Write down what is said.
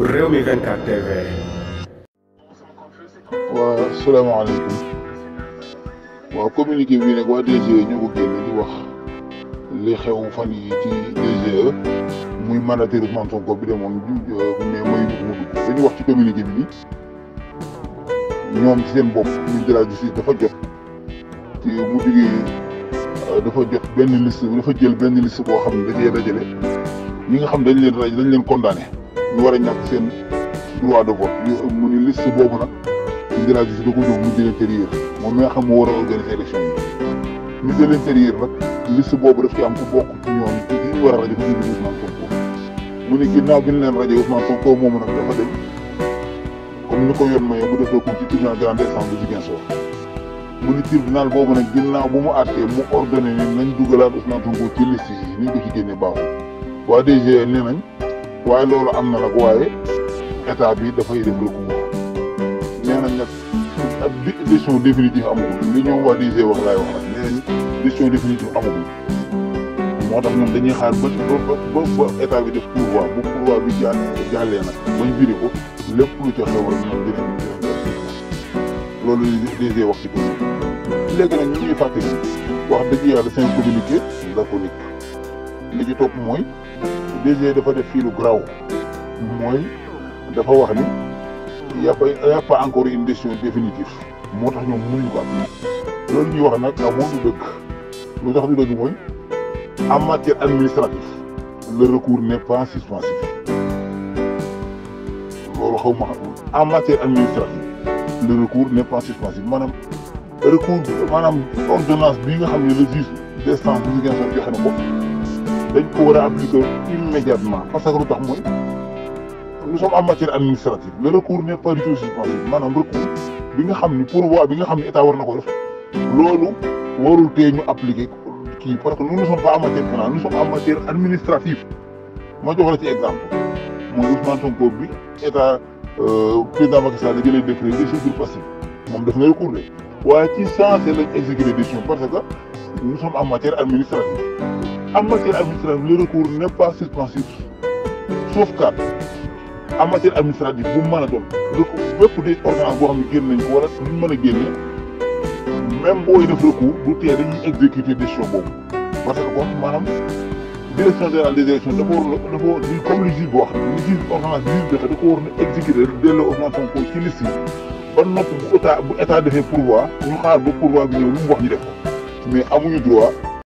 Rewmi 24 TV. waaw asalaamaaleykum waaw communiqué waa DGE ñoo ko génne di wax li xew fan yi ci DGE muy mandataire Ousmane Sonko bi demoon mais mooy mu dugg dañu wax ci communiqué bi ñoom ci seen bopp ñu de la justice dafa jot te mu jógee dafa jot benn liste dafa jël benn liste boo xam dajee dajale ñi nga xam dañ leen dañ leen condamné. ñu war a ñàkk seen droit de vote mu ni liste boobu nag ministre de la da ko jox ministre de l'intérieur moom mi nga xam moo war a organiser élection yi ministre de l'intérieur nag liste boobu daf ci am ku bokk ci ñoom ci ñu war a rajo ko Ousmane mu ni ginnaaw bi ñu leen rajo Ousmane ko moom nag dafa dem comme ni ko yoon mayee mu defee ko ci tribunal grande instance bu Ziguinchor boobu nag ginnaaw bu mu àttee mu ordonné ni nañ dugalaat Ousmane Sonko ci liste yi ni ñu ko ci génnee baaxul waaye loolu am na nag waaye état bi dafay def recours nee nañ nag ak décision définitive amagul li ñoom waa DG wax laay wax nag nee nañ décision définitive moo tax ñoom dañuy xaar ba ba ba état bi def pourvoi bu pourvoi bi jàll jàllee nag bañ biri ko lépp lu ca xew rek ñoom dinañ loolu DG wax ci ko léegi nag ñu ñuy fàttali wax dëgg yàlla seen communiqué laconique li ci topp mooy DG dafa def fii lu graw mooy dafa wax ni il n'y a pas il n'y a pas encore une décision définitive moo tax ñoom mënuñu ko am loolu ñuy wax nag amul du dëkk lu tax du dëgg mooy en matière administrative le recours n'est pas suspensif loolu xaw ma xam en matière administrative le recours n'est pas suspensif maanaam recours maanaam ordonnance bii nga xam ne le juge d'instance bu Ziguinchor na ko. dañ ko war a appliquer immédiatement parce que lu tax mooy nous sommes en matière administrative le recours n'est pas maanaam bi nga xam ni pourvoi bi nga xam ni état na ko def loolu warul tee ñu appliquer kii parce que nous ne sommes pas en matière pénale nous sommes en matière administrative ma jox la ci bi état euh, président Macky Sall jëlee moom daf na recours de waaye ci sensé lañ parce que nous sommes en matière En matière administrative, le recours n'est pas suspensif, sauf cas en matière administrative bu a recours bépp a recours exécuter des choses. parce que madame, la direction générale des élections comme le juge le juge na exécuter le ordonnance état de pouvoir, droit